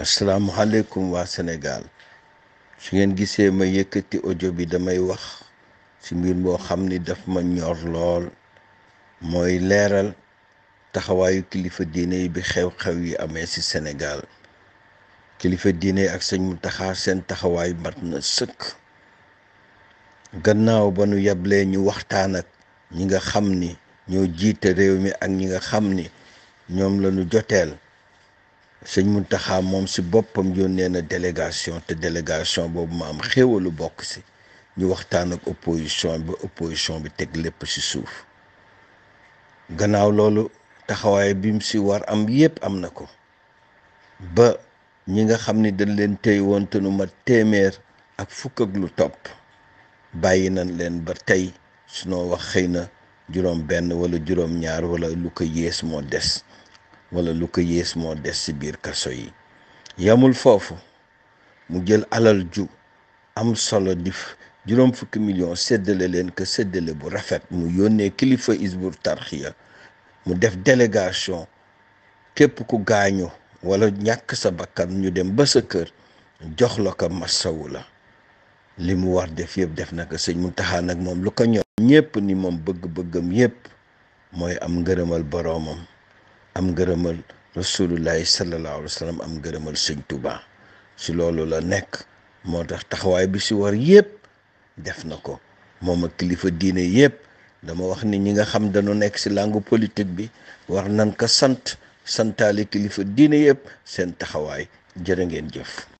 asalaamualeykum waa senegaal su ngeen gisee ma yëkkati audio bi damay wax ci mbir moo xam ni daf ma ñor lool mooy leeral taxawaayu kilifa diine yi bi xew-xew yi amee ci senegaal kilifa diine ak sëñ Mountakha seen taxawaayu mat na sëkk gannaaw ba nu yablee ñu waxtaan ak ñi nga xam ni ñoo jiite réew mi ak ñi nga xam ni ñoom lañu joteel. sëñ Muntaxa moom si boppam yónnee na délégation te délégation boobu ma am xéewalu bokk si ñu waxtaan ak opposition bi opposition bi teg lépp si suuf gannaaw loolu taxawaay bi mu si war am yépp am na ko ba ñi nga xam ni dañ leen tey woon te nu ma téeméer ak fukk ak lu topp bàyyi nañ leen ba tey sunoo wax xëy na juróom benn wala juróom ñaar wala lu ko yées moo des wala lu ko yées moo des ci biir kaso yi yamul foofu mu jël alal ju am solo di juróom fukki million séddale leen ko séddale bu rafet mu yónnee kilifa isbur tarxiya mu def délégation képp ku gaañu wala ñàkk sa bakkan ñu dem ba sa kër jox la ko masawu la li mu war def yëpp def na ko sëñ taxaan nag moom lu ko ñor ñëpp ni moom bëgg-bëggam yépp mooy am ngërëmal boroomam am ngërëmal rasulullahi sallallahu am gërëmal sëñ Touba si loolu la nekk moo tax taxawaay bi si war yëpp def na ko moom ak kilifa diine yëpp dama wax ni ñi nga xam dañu nekk si langue politique bi war nan ko sant santaale kilifa diine yëpp seen taxawaay jërë ngeen jëf.